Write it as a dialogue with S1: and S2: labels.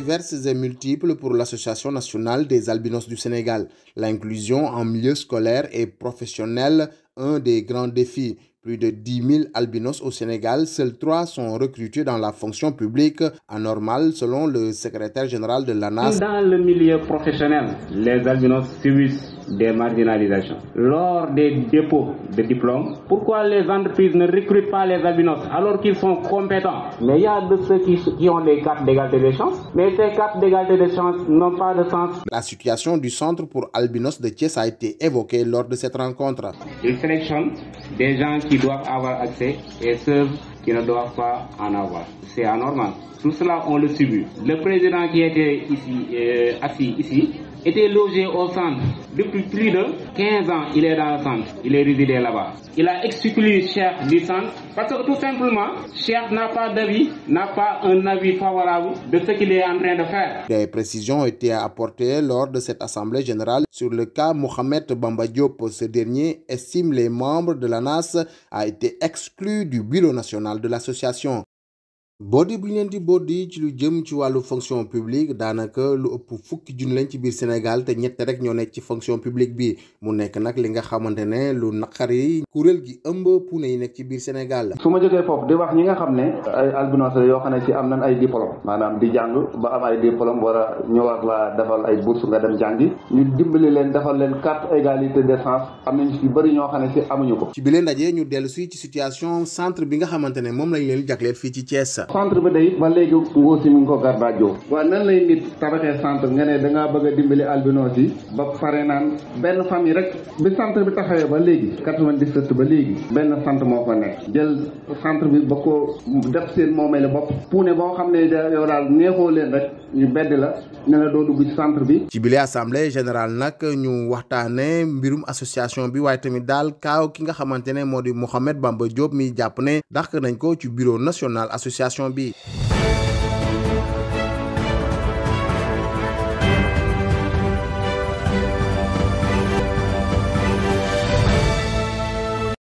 S1: diverses et multiples pour l'Association nationale des albinos du Sénégal. L'inclusion en milieu scolaire et professionnel, un des grands défis plus de 10 000 albinos au Sénégal, seuls trois sont recrutés dans la fonction publique, anormale, selon le secrétaire général de l'ANAS. Dans
S2: le milieu professionnel, les albinos subissent des marginalisations. Lors des dépôts de diplômes, pourquoi les entreprises ne recrutent pas les albinos alors qu'ils sont compétents Mais il y a de ceux qui, ont des cartes d'égalité des chances, mais ces cartes d'égalité des chances n'ont
S1: pas de sens. La situation du centre pour albinos de Thiès a été évoquée lors de cette rencontre.
S2: Ils sélectionnent des gens qui qui doivent avoir qui ne doivent pas en avoir. C'est anormal. Tout cela, on le subit. Le président qui était ici, euh, assis ici, était logé au centre depuis plus de 15 ans. Il est dans le centre, il est résidé là-bas. Il a exclu chef du centre parce que tout simplement, chef n'a pas d'avis, n'a pas un avis favorable de ce qu'il est en train de faire.
S1: Des précisions ont été apportées lors de cette assemblée générale sur le cas Mohamed Bambadio pour Ce dernier estime les membres de la NAS a été exclu du bureau national de l'association boodi bu ñu leen di boodi ci lu jëm ci wàllu fonction publique daanaka lu ëpp fukki junni lañ ci biir Sénégal te ñett rek ñoo nekk ci fonction publique bi mu nekk nag li nga xamante ne lu naqari kuréel gi ëmb puune yi nekk ci biir Sénégal. su ma
S3: jógee foofu di wax ñi nga xam ne ay albinos la yoo xam ne ci am nañ ay diplôme maanaam di jàng ba am ay diplôme war a ñu war laa
S1: defal ay bourse nga dem yi ñu dimbali leen defal leen carte égalité des chances ñoo xam ne ci ko. ci bi leen ñu dellu si ci situation centre bi nga xamante ne moom lañ leen jagleel fii ci Thiès. centre bi day ba léegi
S3: nguur si mi ngi ko gardaajoo
S1: waa nan lay nit tabaxee centre nga ne
S3: dangaa bëgg a dimbali albinos yi ba pare naan benn famille rek bi centre bi taxawee ba léegi 97 ba léegi benn centre moo ko nekk jël centre bi ba ko def
S1: seen moo moomeelu bopp puune boo xam ne da yow daal neexoo leen rek ñu bedd la ne la doo dugg ci centre bi ci bile assemblée général nag ñu waxtaane mbirum association bi waaye tamit daal kaaw ki nga xamante ne moo di Mouhamed Bamba Diop mi jàpp ne dàq nañ ko ci bureau national association Station B.